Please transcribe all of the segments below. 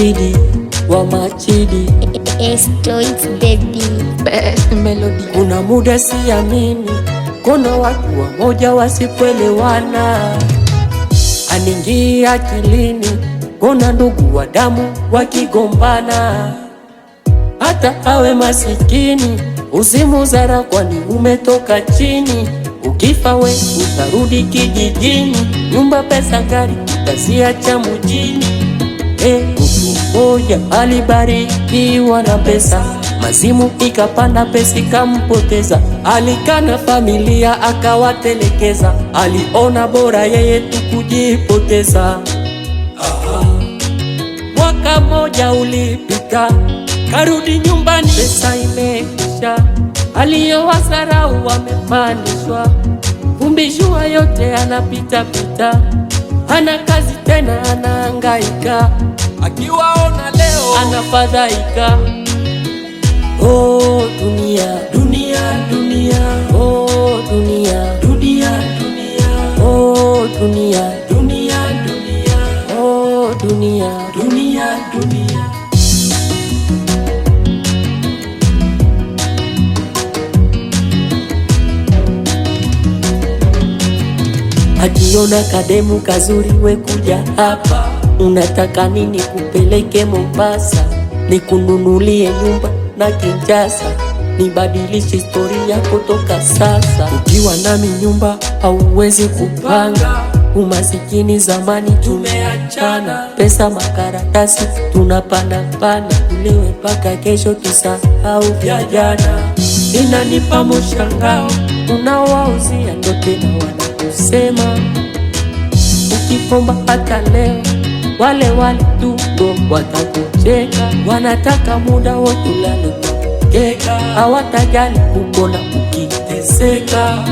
Wazidi wa machidi eh, eh, kuna muda siamini, kuna watu wamoja wasikuelewana, aningi akilini, kuna ndugu wa damu wakigombana, hata awe masikini usimuzara, kwani umetoka chini. Ukifa we utarudi kijijini, nyumba, pesa, gari utaziacha mujini mmoja alibarikiwa na pesa, mazimu ikapanda pesa ikampoteza. Alikana familia akawatelekeza, aliona bora yeye tu kujipoteza. Mwaka mmoja ulipita, karudi nyumbani, pesa imekisha, aliyowasarau wamepandishwa, vumbishua yote anapitapita, hana kazi tena, anaangaika akiwaona leo anafadhaika. Oh, dunia dunia dunia, oh dunia dunia dunia, oh dunia dunia dunia, oh dunia dunia dunia akiona kademu kazuri, we kuja hapa Unataka nini kupeleke Mombasa, nikununulie nyumba na Kinjasa, nibadilishe historia kutoka sasa. Ukiwa nami nyumba hauwezi kupanga, umasikini zamani tumeachana, pesa makaratasi pana, ulewe mpaka kesho, tusahau vya jana. Inanipa mshangao, unawauzia ndote na wanakusema ukikomba hata leo wale walitugo watakucheka, wanataka muda wote ulale kukeka, hawatajali kukona ukiteseka.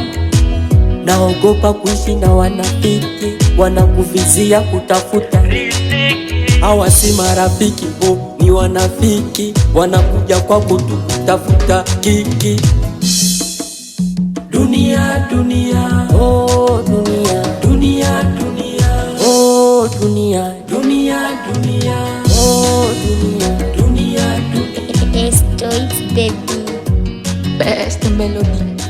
Naogopa kuishi na wanafiki, wanakuvizia kutafuta riziki. Hawa si marafiki bo, ni wanafiki, wanakuja kwa kutafuta kiki. Dunia, dunia oh. baby. Best melody.